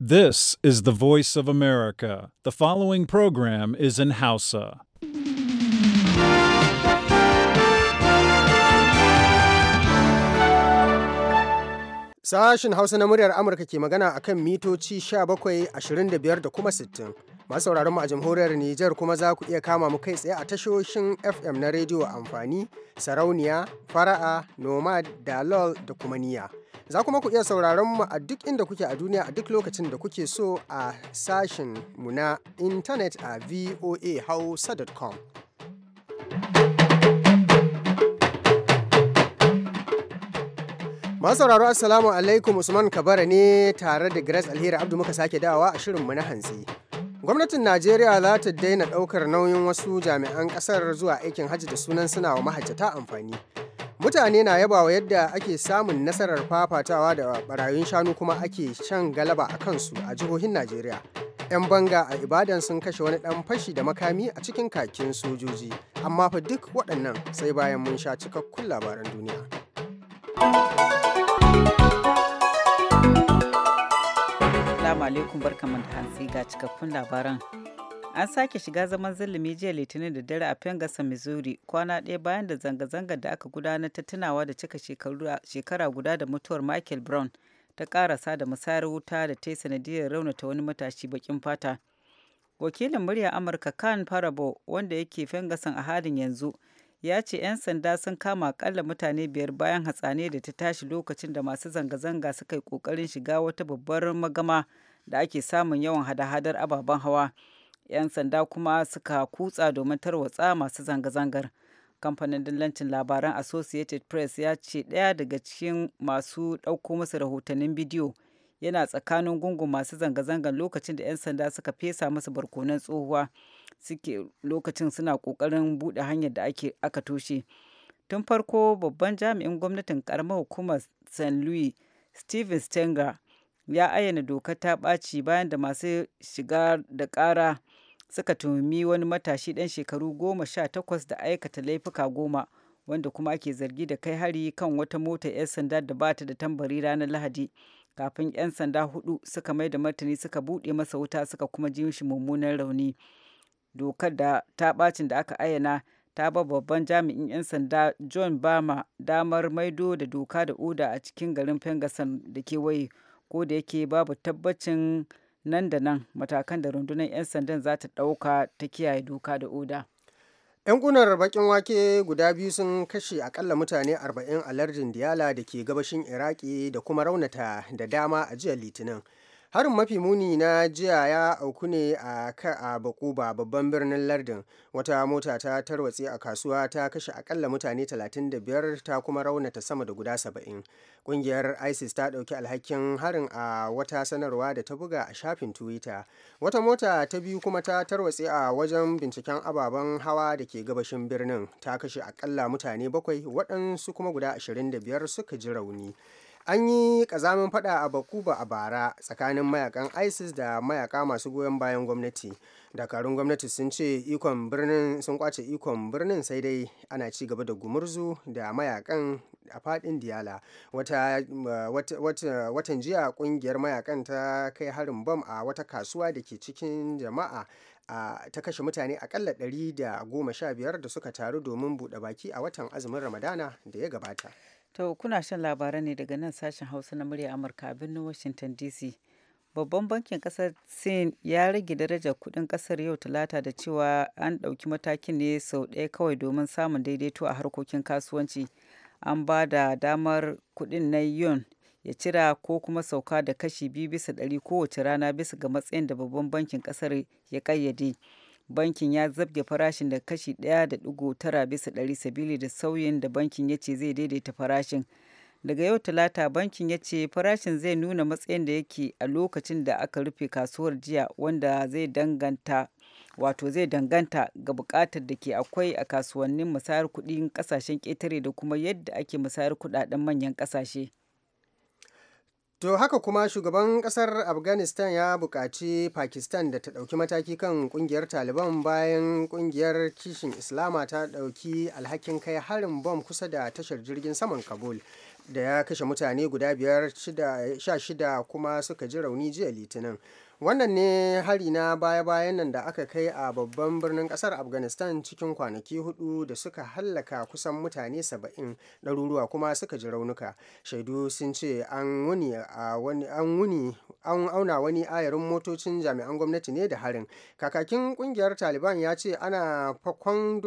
This is the voice of America. The following program is in Hausa. Sashen Hausa na muryar Amurka ke magana akan mitoci 17, 25 da kuma 60. Masu sauraron mu a jamhuriyar Nijar kuma za ku iya kama mu kai tsaye a tashoshin FM na rediyo amfani, sarauniya, fara'a, nomad, dalol da kuma niya. Za kuma ku iya sauraron mu a duk inda kuke a duniya a duk lokacin da kuke so a sashen mu na intanet a voahausa.com. Masu sauraro Assalamu alaikum Usman Kabara ne tare da Grace Alheri Abdu muka sake dawa a shirin na hantsi. Gwamnatin Najeriya za ta daina ɗaukar nauyin wasu jami'an ƙasar zuwa aikin hajji da sunan suna wa mahajjata amfani. mutane na yabawa yadda ake samun nasarar fafatawa da barayin shanu kuma ake shan galaba a kansu a jihohin najeriya 'yan banga a ibadan sun kashe wani ɗan fashi da makami a cikin kakin sojoji amma fa duk waɗannan sai bayan mun sha cikakkun labaran duniya Assalamu alaikum barkamu da hantsi ga cikakkun labaran an sake shiga zaman zulumi jiya litinin da dare a fengasa Missouri kwana ɗaya bayan da zanga-zangar da aka gudanar ta tunawa da cika shekara guda da mutuwar Michael Brown ta karasa da musayar wuta da ta yi sanadiyar raunata wani matashi bakin fata. Wakilin murya Amurka Khan Parabo wanda yake Fengasan a halin yanzu ya ce 'yan sanda sun kama akalla mutane biyar bayan hatsane da ta tashi lokacin da masu zanga-zanga suka yi kokarin shiga wata babbar magama da ake samun yawan hada-hadar ababen hawa. 'yan sanda kuma suka kutsa domin tarwatsa masu zanga-zangar kamfanin dillancin labaran associated press ya ce ɗaya daga cikin masu ɗauko masa rahotannin bidiyo yana tsakanin gungun masu zanga-zangar lokacin da 'yan sanda suka fesa masa barkonan tsohuwa suke lokacin suna kokarin buɗe hanyar da ake aka toshe tun farko babban jami'in gwamnatin karamar hukumar st louis steven stenger ya ayyana dokar ta ɓaci bayan da masu shiga da ƙara suka tuhumi wani matashi ɗan shekaru goma sha takwas da aikata laifuka goma wanda kuma ake zargi da kai hari kan wata mota 'yan sanda da bata da tambari ranar lahadi kafin 'yan sanda hudu suka mai da martani suka buɗe masa wuta suka kuma ji shi mummunan rauni dokar da ta bacin da aka ayyana ta ba babban jami'in 'yan sanda john bama damar maido da doka da oda a cikin garin ferguson da kewaye ko da yake babu tabbacin nan da nan matakan da rundunar 'yan sandan za ta ɗauka ta kiyaye doka da oda. 'yan kunar bakin wake guda biyu sun kashe akalla mutane 40 a lardin diyala da ke gabashin iraki da kuma raunata da dama a jiya litinin harin mafi muni na jiya ya auku ne a a ba babban birnin lardin wata mota ta tarwatse a kasuwa ta kashe akalla mutane 35 ta kuma raunata sama da guda 70 kungiyar isis ta dauki alhakin harin a wata sanarwa da ta buga a shafin twitter wata mota ta biyu kuma ta tarwatse a wajen binciken ababen hawa da ke gabashin birnin ta kashe akalla mutane bakwai waɗansu kuma guda 25 suka ji rauni an yi kazamin fada a bakuba a bara tsakanin mayakan isis da mayaka masu goyon bayan gwamnati dakarun gwamnati sun ce ikon birnin sun kwace ikon birnin sai dai ana ci gaba da gumurzu da mayakan a fadin diyala watan jiya kungiyar mayakan ta kai harin bam a wata kasuwa da ke cikin jama'a a ta kashe mutane akalla 115 da suka taru domin buɗe baki a watan azumin ramadana da ya gabata To kuna shan labarai ne daga nan sashen Hausa na murya Amurka a birnin Washington DC. Babban bankin kasar Sin ya rage darajar kudin kasar yau talata da cewa an ɗauki matakin ne sau ɗaya kawai domin samun daidaito a harkokin kasuwanci. An ba da damar kudin na yun ya cira ko kuma sauka da kashi biyu bisa ɗari kowace rana bisa ga matsayin da babban bankin kasar ya ƙayyade. bankin ya zabge farashin da kashi 1.9 bisa ɗari sabili da sauyin da bankin ya ce zai daidaita farashin daga yau talata bankin ya ce farashin zai nuna matsayin da yake a lokacin da aka rufe kasuwar jiya wanda zai danganta wato zai danganta ga bukatar da ke akwai a kasuwannin musayar kudin kasashen ƙetare da kuma yadda ake musayar kudaden manyan kasashe. To haka kuma shugaban kasar Afghanistan ya buƙaci Pakistan da ta ɗauki mataki kan ƙungiyar Taliban bayan ƙungiyar kishin Islama ta ɗauki alhakin kai harin bom kusa da tashar jirgin saman Kabul. da ya kashe mutane guda biyar sha shida kuma suka ji rauni jiya litinin wannan ne hari na baya-bayan nan da aka kai a babban birnin kasar afghanistan cikin kwanaki hudu da suka hallaka kusan mutane saba'in ɗaruruwa kuma suka ji raunuka shaidu sun ce an wuni an auna wani ayarin motocin jami'an gwamnati ne da harin kakakin kungiyar taliban ya ce ana fakon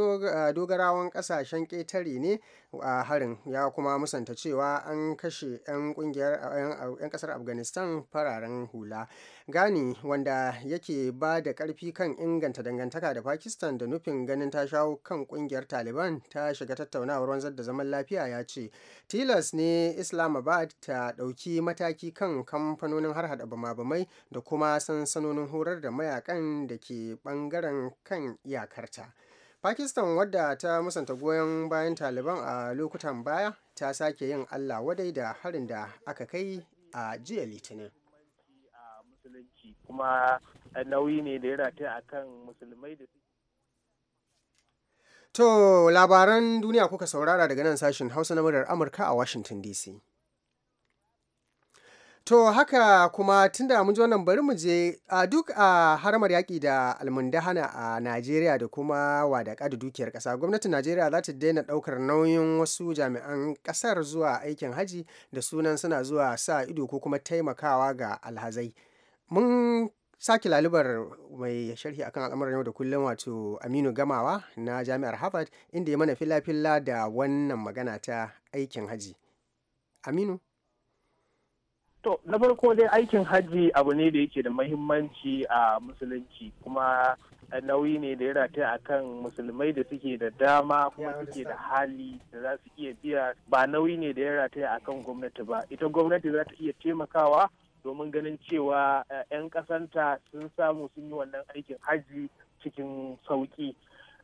dogarawan kasashen ƙetare ne a harin ya kuma musanta cewa an kashe 'yan kasar afghanistan fararen hula gani wanda yake ba da karfi kan inganta dangantaka da pakistan da nufin ganin ta shawo kan kungiyar taliban ta shiga tattaunawar wanzar da zaman lafiya ya ce tilas ne islamabad ta ɗauki mataki kan kamfanonin harhaɗa bama-bamai da kuma sansanonin horar da mayakan da ke ɓangaren kan iyakarta pakistan wadda ta musanta goyon bayan taliban a lokutan baya ta sake yin allah wadai da harin da aka kai a jiya litinin kuma nauyi ne da ya ta a kan musulmai da su To labaran duniya kuka saurara daga nan sashen Hausa na muryar Amurka a Washington DC. To haka kuma tunda mun ji wannan bari mu je a duk a haramar yaƙi da almundahana a Najeriya da kuma wadaƙa da dukiyar ƙasa gwamnatin Najeriya za ta daina ɗaukar nauyin wasu jami'an ƙasar zuwa aikin haji da sunan suna zuwa sa ido ko kuma taimakawa ga alhazai mun sake lalubar mai sharhi akan al'amuran yau da kullum wato aminu gamawa na jami'ar harvard inda ya mana filafila da wannan magana ta aikin haji aminu to na farko dai aikin haji abu ne da yake da mahimmanci a musulunci kuma nauyi ne da ya rataya a kan musulmai da suke da dama kuma suke da hali da za su iya biya ba nauyi ne da ya rataya a kan gwamnati ba ita gwamnati za ta iya taimakawa domin ganin cewa 'yan eh, kasanta sun samu sun yi wannan aikin hajji cikin sauki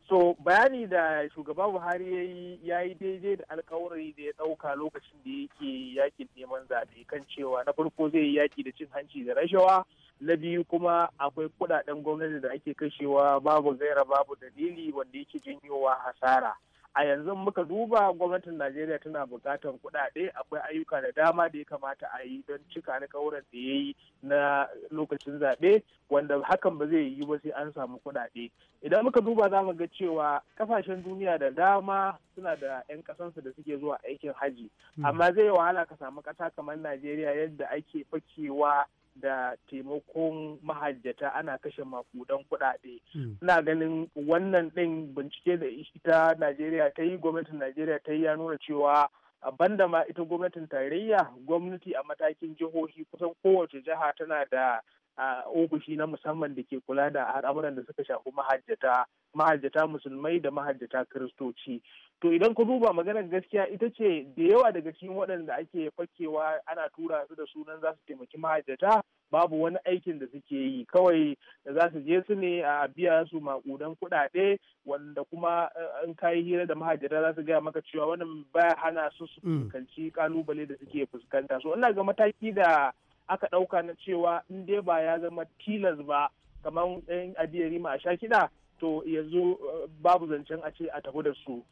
so bayani da shugaba buhari ya yi ya yi daidai da alkawari da ya ɗauka lokacin da yake yakin neman zaɓe kan cewa na farko zai yi yaki da cin hanci da rashawa na biyu kuma akwai kuɗaɗen gwamnati da ake kashewa babu gaira babu dalili wanda yake janyowa hasara. a yanzu muka duba gwamnatin najeriya tana buƙatar kuɗaɗe akwai ayyuka da dama da ya kamata a yi don cika na kauran da ya yi na lokacin zaɓe wanda hakan ba zai yi ba sai an samu kuɗaɗe idan muka duba za mu ga cewa kasashen duniya da dama suna da 'yan kasansu da suke zuwa aikin haji hmm. amma zai yi wahala ka samu ƙasa kamar najeriya yadda ake fakewa da taimakon mahajjata ana kashe makudan kuɗaɗe. Hmm. Ina ganin wannan ɗin bincike da ita Najeriya ta yi gwamnatin Najeriya ta yi ya nuna cewa banda ma ita gwamnatin tarayya gwamnati a matakin jihohi kusan kowace jiha tana da a ofishi na musamman da ke kula da al'amuran da suka shafi mahajjata mahajjata musulmai da mahajjata kiristoci to idan ka duba maganar gaskiya ita ce da yawa daga cikin waɗanda ake fakewa ana tura su da sunan za su taimaki mahajjata babu wani aikin da suke yi kawai da za su je su ne a biya su maƙudan kuɗaɗe wanda kuma eh, in kayi hira da mahajjata za su gaya maka cewa wannan baya hana su su mm. fuskanci kalubale da suke fuskanta su ina ga mataki da aka ɗauka na cewa in dai ba ya zama tilas ba kamar ɗayan adiyari ma a sha kiɗa to yanzu eh, babu zancen a ce a tafi da su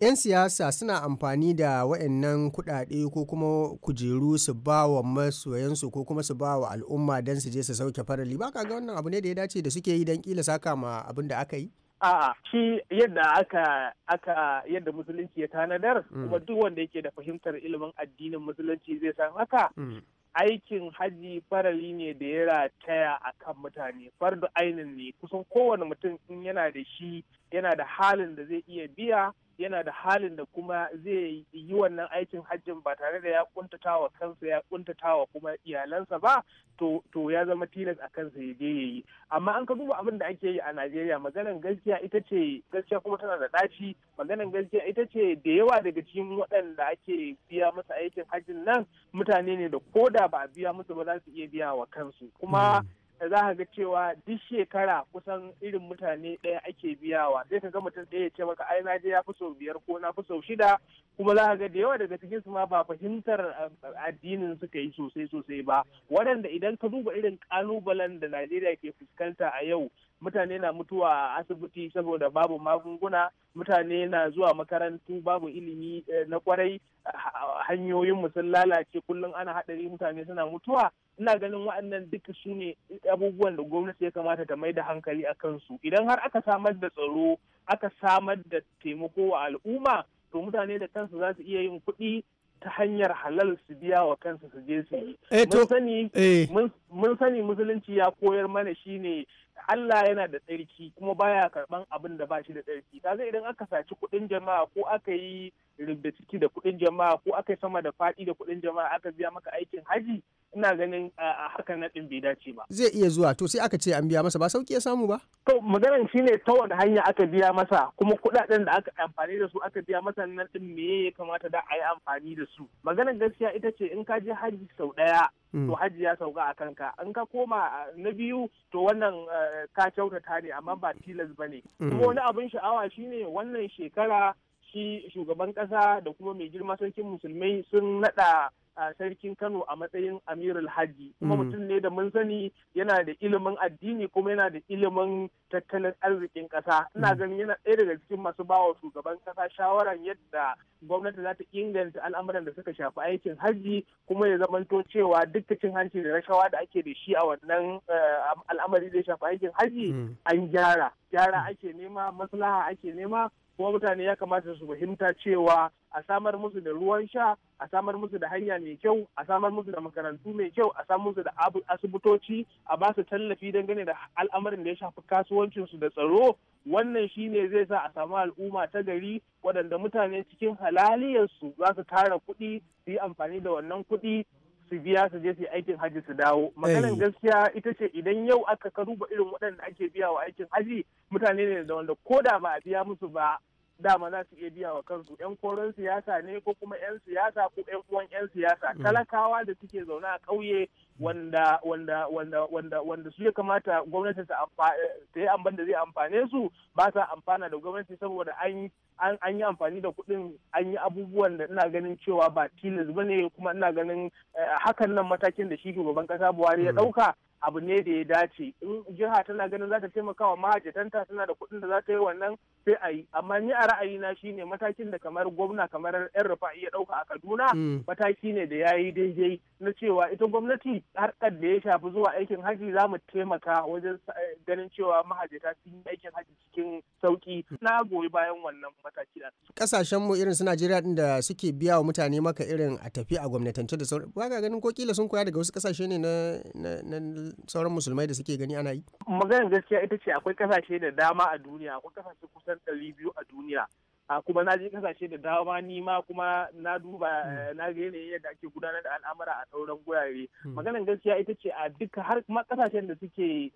'yan siyasa suna amfani da waɗannan kuɗaɗe ko kuma kujeru su ba wa masoyansu ko kuma su ba wa al'umma don su je su sauke farali ba ka ga wannan abu ne da ya dace da suke yi don kila saka ma abin da aka yi a'a shi yadda aka aka yadda musulunci ya tanadar mm. kuma duk wanda yake da fahimtar ilimin addinin musulunci zai san haka mm. aikin haji farali ne da ya rataya a kan mutane fardu ainin ne kusan kowane mutum in yana da shi yana da halin da zai iya biya yana da halin da kuma zai yi wannan aikin hajjin ba tare da ya kuntata wa kansa ya kuntata wa kuma iyalansa ba to ya zama tilas a kansa ya je yayi amma an ka duba abin da ake yi a Najeriya maganan gaskiya ita ce gaskiya kuma tana da ɗaci maganin gaskiya ita ce da yawa daga cikin waɗanda ake biya musu aikin hajjin nan mutane ne da ko da ba a biya musu ba za su iya biya wa kansu kuma mm. za ka ga cewa duk shekara kusan irin mutane ɗaya ake biyawa sai ka ga mutum ɗaya ce maka ai na je ya fi sau biyar ko na fi sau shida kuma za ka ga da yawa daga cikin su ma ba fahimtar eh, addinin suka yi sosai sosai ba waɗanda idan ka duba irin ƙalubalen da Najeriya ke fuskanta a yau mutane na mutuwa a asibiti saboda babu magunguna mutane na zuwa makarantu babu ilimi eh, na kwarai hanyoyin sun lalace kullum ana haɗari mutane suna mutuwa ina ganin waɗannan duk su ne abubuwan da gwamnati ya kamata ta mai da hankali a kansu idan har aka samar da tsaro aka samar da taimako wa al'umma to mutane da kansu za su iya yin kuɗi ta hanyar halal su biya wa kansu su je su yi. Eh, eh. Mun sani musulunci ya koyar mana shi ne Allah yana da tsarki kuma baya karɓan abin da ba shi da tsarki. zai idan aka saci kuɗin jama'a ko aka yi rubda ciki da kuɗin jama'a ko aka yi sama da faɗi da kuɗin jama'a aka biya maka aikin haji ina ganin a haka na bai dace ba. Zai iya zuwa to sai aka ce an biya masa ba sauki ya samu ba? To maganar shi ne ta wani hanya aka biya masa kuma kuɗaɗen da aka amfani da su aka biya masa na ɗin me ya kamata da a yi amfani da su. Maganar gaskiya ita ce in ka je hajji sau ɗaya to hmm. hajji ya sauka a kanka in ka koma na biyu to wannan ka kyautata ne amma ba tilas ba ne. Hmm. Kuma wani abin sha'awa shine wannan shekara shi shugaban ƙasa da kuma mai girma sarkin musulmai sun naɗa sarkin Kano a matsayin Amirul Hajji kuma mm. mutum ne da mun sani yana da ilimin addini kuma yana da ilimin tattalin arzikin kasa ina mm. ganin yana ɗaya daga cikin masu bawa shugaban kasa shawaran yadda gwamnati za ta inganta al'amuran da suka shafi aikin hajji kuma ya zamanto cewa duk hancin hanci da rashawa da ake da shi a wannan eh, al'amari da ya shafi aikin hajji mm. an gyara gyara ake nema maslaha ake nema kuma mutane ya kamata su fahimta cewa a samar musu da ruwan sha a samar musu da hanya mai kyau a samar musu da makarantu mai kyau a samar musu da asibitoci a ba su tallafi dangane da al'amarin da ya shafi kasuwancinsu da tsaro wannan shine zai sa a samu al'umma ta gari waɗanda mutane cikin halaliyarsu za su tara kuɗi su yi amfani da wannan kuɗi su biya su je su yi aikin haji su dawo maganar gaskiya ita ce idan yau aka karuba irin waɗanda ake biya wa aikin haji mutane ne da wanda ko da ba a biya musu ba dama za su iya biya wa kansu yan koron siyasa ne ko kuma yan siyasa ko yan uwan yan siyasa mm. talakawa da suke zaune a ƙauye wanda wanda wanda wanda su ya kamata gwamnati ta ta yi amban da zai amfane su ba sa amfana da gwamnati saboda an yi amfani da kuɗin an yi abubuwan da ina ganin cewa ba tilas ba ne kuma ina ganin eh, hakan nan matakin da shi shugaban ƙasa buhari ya mm. ɗauka abu ne da ya dace in jiha tana ganin za ta taimaka wa mahajjatanta tana da kuɗin da za ta yi wannan sai a yi amma ni a ra'ayina shine matakin da kamar gwamna kamar yan rufa'i ya ɗauka a kaduna mm. mataki ne da ya yi daidai na cewa ita gwamnati harkar da ya shafi zuwa aikin haji za mu taimaka wajen eh, ganin cewa mahajjata sun yi aikin haji cikin sauki na goyi bayan wannan mataki da kasashen mu irin su Najeriya din da suke biya wa mutane maka irin a tafi a gwamnatance da sauran ba ganin ko kila sun koya daga wasu kasashe ne na sauran musulmai da suke gani ana yi maganar gaskiya ita ce akwai kasashe da dama a duniya akwai kasashe kusan 200 a duniya a kuma na je kasashe da dama nima kuma na duba eh, na ga yanayin yadda ake gudanar da al'amura a sauran gurare hmm. maganar gaskiya ita ce a duka har kuma kasashen da suke eh,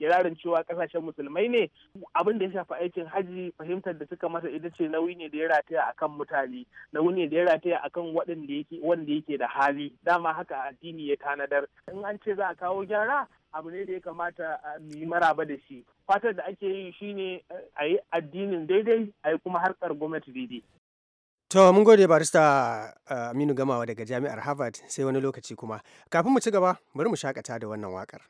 kirarin cewa kasashen musulmai ne abin da ya shafi aikin haji fahimtar da suka masa ita ce nauyi ne da ya rataya akan mutane nauyi ne da ya rataya akan wanda yake da hali dama haka addini ya tanadar in an ce za a kawo gyara abu ne da ya kamata mu yi maraba da shi fatar da ake yi shine eh, a yi addinin daidai a yi kuma harkar gwamnati daidai to mun gode barista eh, aminu gamawa daga jami'ar harvard sai wani lokaci kuma kafin mu ci gaba bari mu shakata da wannan wakar.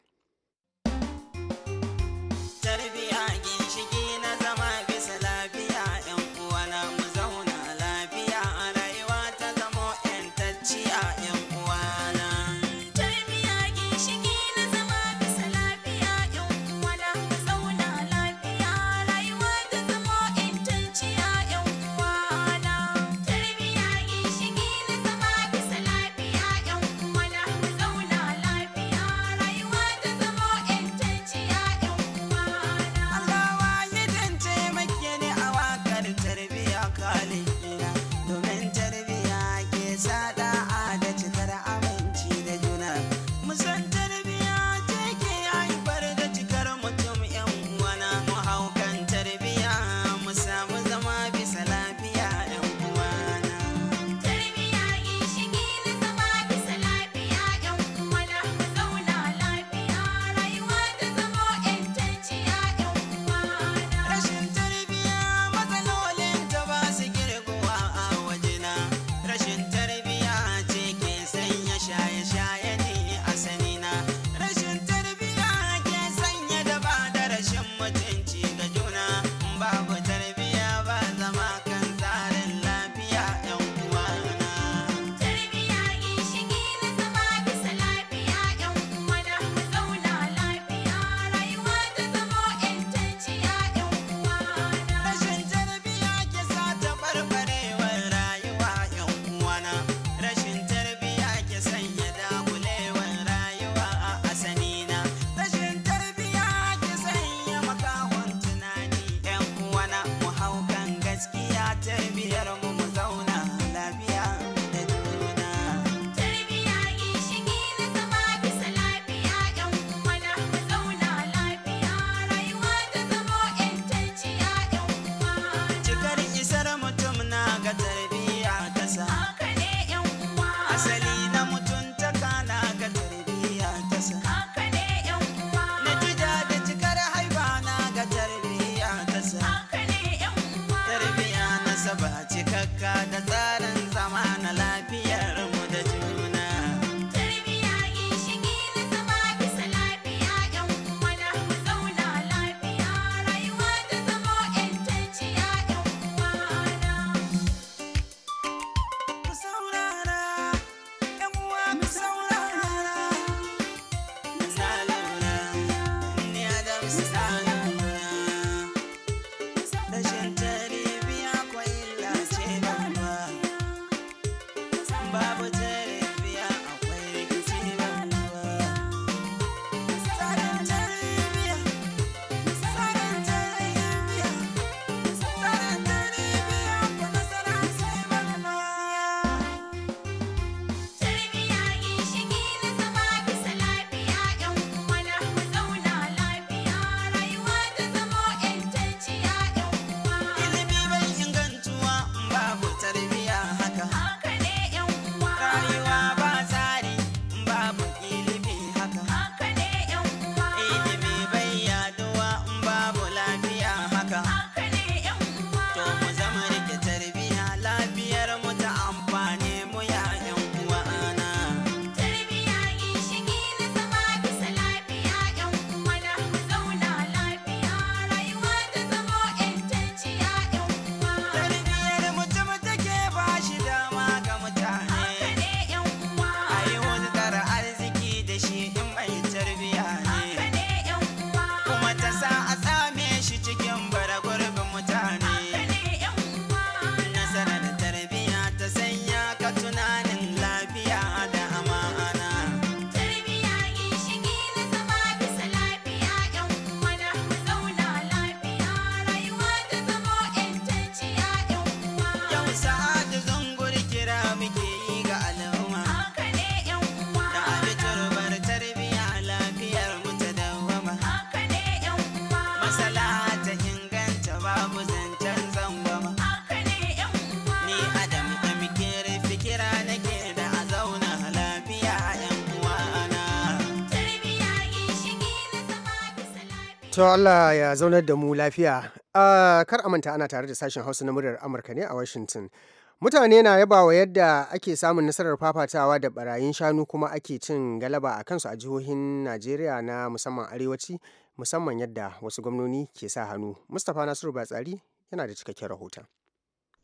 To Allah ya zaunar da mu lafiya. Ah, kar a manta ana tare da sashen Hausa na muryar Amurka ne a Washington. Mutane na yaba wa yadda ake samun nasarar fafatawa da barayin shanu kuma ake cin galaba a kansu a jihohin Najeriya na musamman arewaci musamman yadda wasu gwamnoni ke sa hannu. Mustapha Nasiru Batsari yana da cikakken rahoton.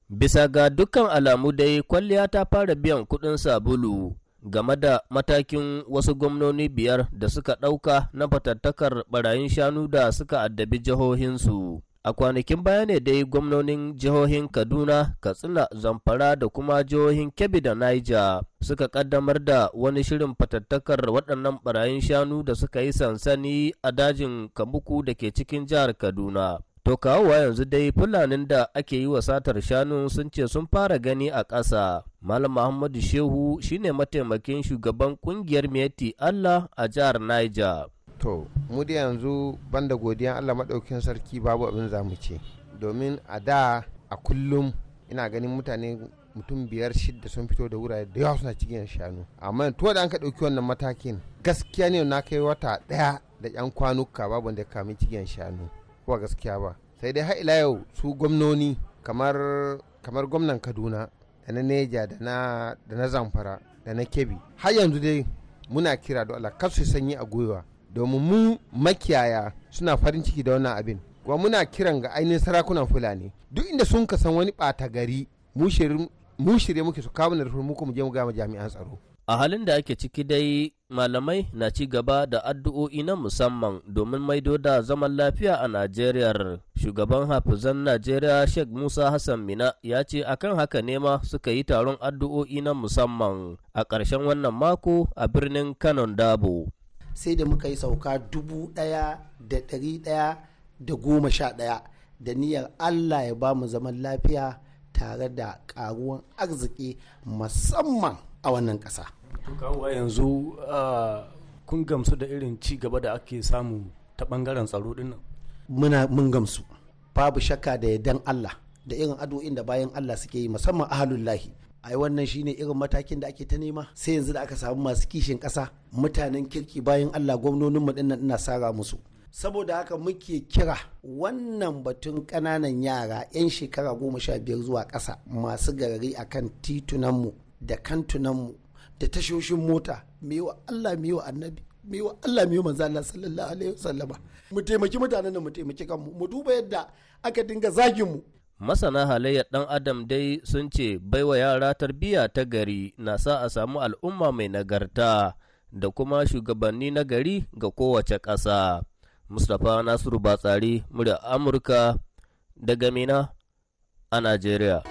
Bisa ga dukkan alamu dai kwalliya ta fara biyan kuɗin sabulu. game da matakin wasu gwamnoni biyar da suka ɗauka na fatattakar barayin shanu da suka addabi jihohinsu. A kwanakin baya ne dai gwamnonin jihohin Kaduna, Katsina, Zamfara da kuma jihohin Kebbi da Niger suka kaddamar da wani shirin fatattakar waɗannan barayin shanu da suka yi sansani a dajin Kabuku da ke cikin jihar Kaduna. To kawowa yanzu dai fulanin da ake yi wa satar shanu sun ce sun fara gani a ƙasa. Malam Muhammadu Shehu shine mataimakin shugaban kungiyar meti Allah a jihar Niger. To, mu da yanzu banda godiyan Allah maɗaukin sarki babu abin za ce. Domin a da a kullum ina ganin mutane mutum biyar shidda sun fito da wurare da yawa suna cikin shanu. Amma to da an ka ɗauki wannan matakin gaskiya ne na kai wata ɗaya da 'yan kwanuka babu wanda kami cikin shanu. ba gaskiya ba sai dai ha ila yau su gwamnoni kamar gwamnan kaduna da na neja da na zamfara da na kebi har yanzu dai muna kira da Allah kar su sanyi a gwiwa domin mu makiyaya suna farin ciki da wannan abin kuma muna kiran ga ainihin sarakunan fulani duk inda sun ka wani ɓata gari mu shirye muke su kawo na rufin muku mu je mu gama jami'an tsaro A halin da ake ciki dai malamai na ci gaba da addu'o'i na musamman domin maido da zaman lafiya a Najeriya. Shugaban hafizan Najeriya Sheikh Musa Hassan Mina ya ce akan haka ne ma suka yi taron addu'o'i na musamman a ƙarshen wannan mako a birnin Kanon Dabo. Sai da muka yi sauka dubu ɗaya da ɗari ɗaya da goma sha ɗaya da niyyar Allah ya bamu zaman lafiya tare da ƙaruwan arziki musamman a wannan ƙasa. kawo yanzu kun gamsu da irin ci gaba da ake samu ta bangaren tsaro din nan muna mun gamsu babu shakka da yadan Allah da irin addu'o'in da bayan Allah suke yi musamman lahi ai wannan shine irin matakin da ake ta nema sai yanzu da aka samu masu kishin ƙasa mutanen kirki bayan Allah gwamnonin mu dinnan ina sara musu saboda haka muke kira wannan batun kananan yara 'yan shekara goma sha biyar zuwa ƙasa masu garari akan mu. da mu. da tashoshin mota mewa Allah mewa annabi mewa Allah mewa manzo Allah sallallahu alaihi wasallama mu taimaki mutanen da mu taimaki kanmu mu duba yadda aka dinga zagin mu masana halayyar dan adam dai sun ce baiwa yara tarbiyya ta gari na sa a samu al'umma mai nagarta da kuma shugabanni na gari ga kowace ƙasa mustapha nasiru batsari murya amurka daga mina a nigeria.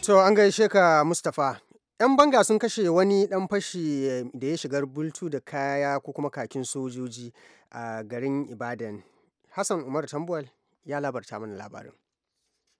To an gaishe ka Mustapha. 'Yan banga sun kashe wani ɗan fashi eh, da ya shigar bultu da kaya ko kuma kakin sojoji a garin Ibadan. Hassan Umar Tambuwal ya labarta mana labarin.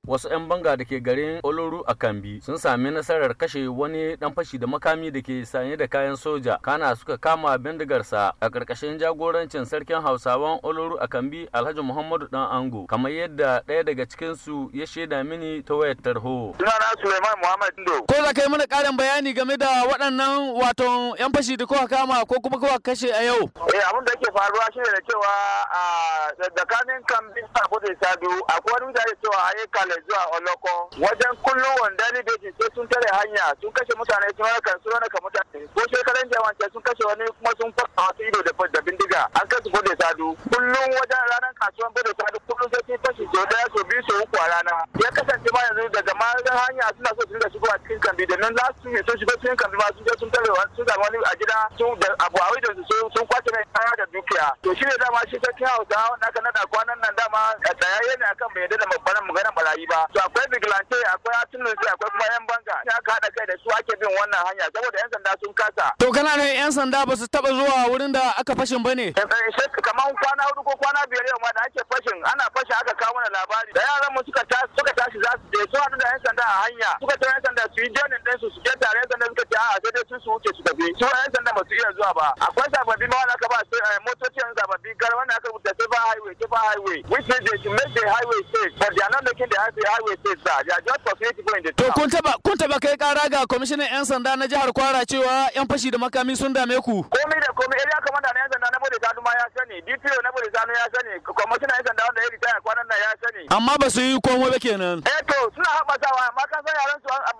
wasu 'yan banga da ke garin oloru a kambi sun sami nasarar kashe wani dan fashi da makami da ke sanye da kayan soja kana suka kama bindigarsa a karkashin jagorancin sarkin hausawan oloru a kambi alhaji muhammadu dan ango kamar yadda daya daga cikinsu ya shaida mini ta wayar tarho. sunana suleiman muhammad ko za ka yi mana ƙarin bayani game da waɗannan wato 'yan fashi da kuka kama ko kuma kuka kashe a yau. eh abin da faruwa shine da cewa a ah, tsakanin kambi sa kudu sadu akwai wani cewa a ne zuwa Oloko wajen kullum wanda ni beji sai sun tare hanya sun kashe mutane sun raka sun ka mutane ko shekaran jawance sun kashe wani kuma sun fara wasu ido da bindiga an kasu bude sadu kullum wajen ranar kasuwan bude sadu kullum sai sun fashi sau daya sau biyu sau uku a rana ya kasance ma yanzu daga ma hanya suna so su dinga zuwa cikin kambi da nan su ne sun shiga cikin kambi ma sun je sun tare sun zama wani a gida sun da abu a wajen su sun kwace mai kaya da dukiya to shi ne dama shi sarkin hausa wanda aka nada kwanan nan dama tsayayye ne akan bai yarda da mabaran maganar barayi ba to akwai vigilante akwai su akwai kuma yan banga sai aka haɗa kai da su ake bin wannan hanya saboda yan sanda sun kasa. to kana ne yan sanda ba su taɓa zuwa wurin da aka fashin ba ne. Eh, eh, kamar kwana hudu ko kwana biyar yau ma da ake fashin ana fashin aka kawo mana labari da yaran mu suka tashi za su je su haɗu da yan sanda a hanya suka tara yan sanda da su yi jerin ɗansu su ke tare sanda suka ce a'a sai dai sun su wuce su tafi su yan sanda ba su iya zuwa ba akwai sababbi ma wanda aka ba su eh, motoci yan sababbi gar wanda aka rubuta ba highway ba highway which means they should make the highway safe but they are not making the highway safe sir they are just for safety people in the town. to kun taba kun taba kai kara ga kwamishinan yan sanda na jihar kwara cewa yan fashi da makami sun dame ku. komai da komai area commander na yan sanda na bude zanu ma ya sani dpo na bude zanu ya sani kwamishinan yan sanda wanda ya ritaya kwanan nan ya sani. amma ba su yi komai ba kenan. eh to suna haɓatawa amma k'an san yaran su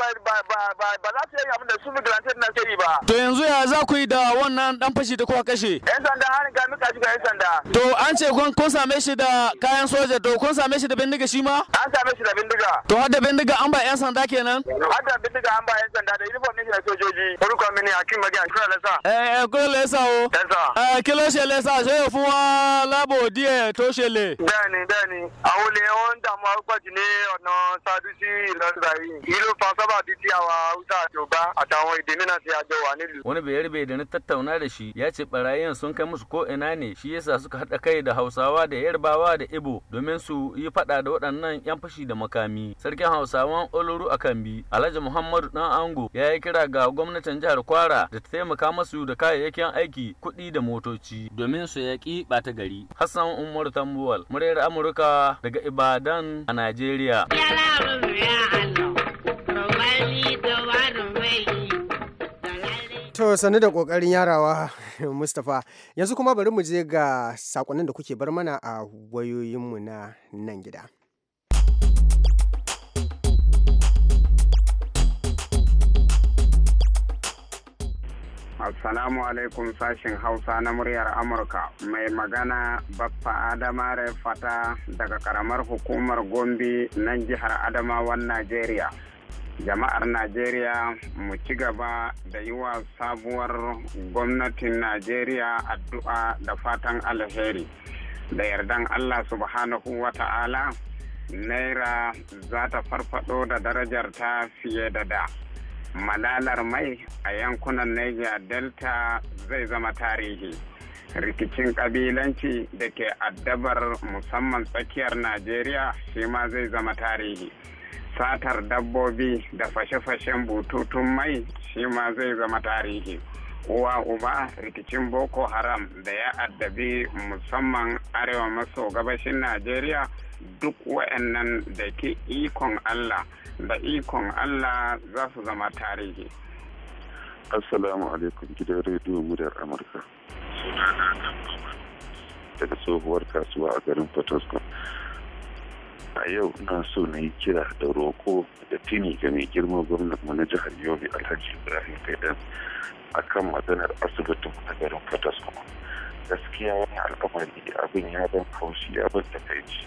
ba za su yi abin da su migrantin na sai ba. To yanzu ya za ku yi da wannan dan fashi da kuka kashe? Yan sanda harin ka mika shi yan sanda. To an ce kun same shi da kayan soja to kun same shi da bindiga shi ma? An same shi da bindiga. To har da bindiga an ba yan sanda kenan? Har da bindiga an ba yan sanda da uniform ne da sojoji. Orúkọ mi ni Magiyan Kúrò Lẹ́sà. Ẹ ẹ Kúrò Lẹ́sà o. Lẹ́sà. Ẹ eh, kí ló ṣe Lẹ́sà ṣé yóò fún wa lábò díẹ̀ Bẹ́ẹ̀ni bẹ́ẹ̀ni, àwọn olè ń dààmú arúgbó jù ní ọ̀nà oríṣiríṣi ìlọsibà yìí ìlú fasábàbí tí àwa haúsá àti ọba àtàwọn èdè mìíràn ti àjọ wà nílùú. wani bayarbe da na tattauna da shi ya ce barayin sun kai musu ko ina ne shi yasa suka haɗa kai da hausawa da yarbawa da ibo domin su yi faɗa da waɗannan yan fashi da makami sarkin hausawan oluru akambi alhaji muhammadu dan ango ya yi kira ga gwamnatin jihar kwara da ta taimaka masu da kayayyakin aiki kuɗi da motoci domin su yaƙi ɓata gari hassan umar tambuwal muryar amurka daga ibadan a najeriya. To sanu da kokarin yarawa Mustapha yanzu kuma bari mu je ga sakonnin da kuke bar mana a wayoyinmu na nan gida. Assalamu alaikum sashen Hausa na muryar Amurka mai magana Baffa Adama Fata daga karamar hukumar Gombe nan jihar Adamawan Najeriya. Jama'ar Najeriya mu ci gaba da yi wa sabuwar gwamnatin Najeriya addu'a da fatan alheri. Da yardan Allah subhanahu wa ta'ala, Naira za ta farfado da darajarta fiye da da. malalar mai a yankunan niger delta zai zama tarihi rikicin ƙabilanci da ke addabar musamman tsakiyar najeriya shi ma zai zama tarihi satar dabbobi da fashe-fashen bututun mai shi ma zai zama tarihi uwa uba rikicin boko haram da ya addabi musamman arewa maso gabashin najeriya duk wa'annan da ke ikon Allah da ikon Allah za su zama tarihi. Assalamu alaikum gidan rediyo muryar Amurka. Sunana daga tsohuwar kasuwa a garin Fatoskun. A yau na so na yi kira da roko da tini ga mai girma gwamnan mu na jihar Yobe Alhaji Ibrahim Kaidan kan maganar asibitin a garin Fatoskun. Gaskiya wani al'amari abin ya ban haushi abin takaici.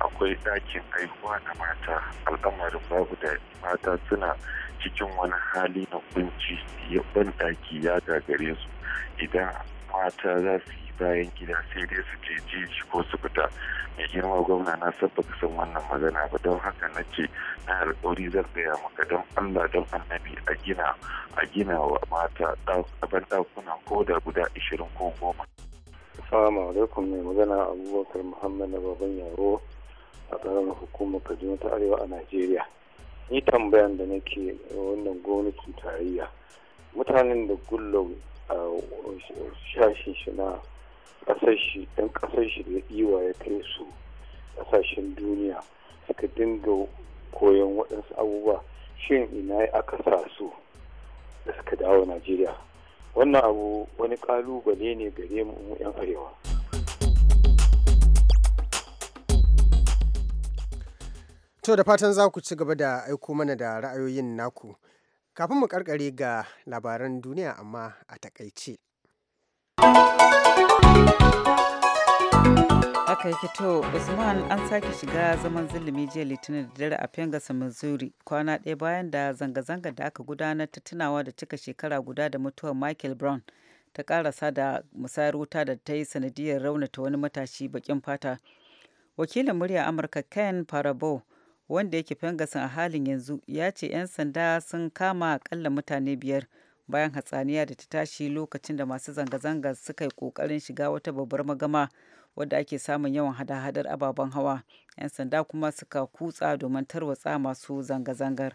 akwai ɗakin haihuwa na mata al'amarin babu da mata suna cikin wani hali na kunci ban ɗaki ya gagare su idan mata za su yi bayan gida sai dai su je jeji ko su fita mai girma gwamna na sabba san wannan magana ba don haka na ce na alƙawari zan gaya maka don allah don annabi a gina a gina wa mata ban ɗakuna ko da guda ashirin ko goma. Assalamu alaikum mai magana abubakar Muhammad na baban yaro a ƙaramar hukumar kaduna ta arewa a najeriya ni tambayan da nake wannan gwamnatin tarayya mutanen da gullo a shashin shi na ƙasar shi ɗan ƙasar shi da iwa ya kai su ƙasashen duniya suka dinga koyon waɗansu abubuwa shin ina aka sa su da suka dawo najeriya wannan abu wani ƙalubale ne gare mu 'yan arewa. To da fatan za ku ci gaba da aiko mana da ra'ayoyin naku. Kafin mu karkare ga labaran duniya amma a takaice. aka yake to usman an sake shiga zaman zulumi jiya litinin da dare a fengasa missouri kwana ɗaya bayan da zanga-zanga da aka gudanar ta tunawa da cika shekara guda da mutuwar michael brown ta karasa da musayar wuta da ta yi sanadiyar raunata wani matashi bakin fata wakilin murya amurka ken parabo wanda yake fangasin a halin yanzu ya ce 'yan sanda sun kama akalla mutane biyar bayan hatsaniya da ta tashi lokacin da masu zanga-zanga suka yi kokarin shiga wata babbar magama wadda ake samun yawan hada-hadar ababen hawa 'yan sanda kuma suka kutsa domin tarwatsa masu zanga-zangar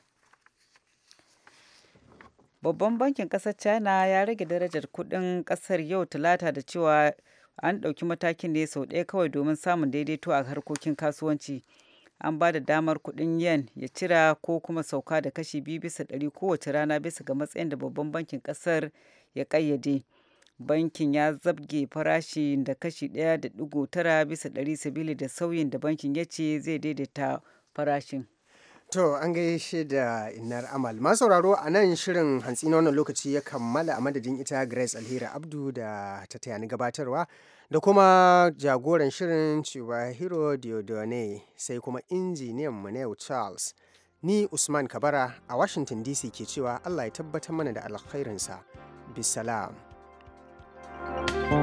babban bankin kasar china ya rage darajar kudin kasar yau talata da cewa an ɗauki matakin ne sau ɗaya kawai domin samun daidaito a harkokin kasuwanci an ba da damar kuɗin yen ya cira ko kuma sauka da kashi biyu bisa ɗari kowace rana bisa ga matsayin da babban bankin ƙasar ya ƙayyade. Bankin ya zabge farashi da kashi ɗaya da ɗigo tara bisa ɗari sabili da sauyin da bankin ya ce zai daidaita farashin. To an gaishe da Inar Amal. sauraro a nan shirin hantsi na wannan lokaci ya kammala a madadin ita Grace Alhira Abdu da ta tayani gabatarwa. da kuma jagoran shirin Chibahiro Diodone sai kuma injiniyan mu Charles. Ni Usman Kabara a Washington DC ke cewa Allah ya tabbatar mana da alkhairinsa. Bisalam. salam.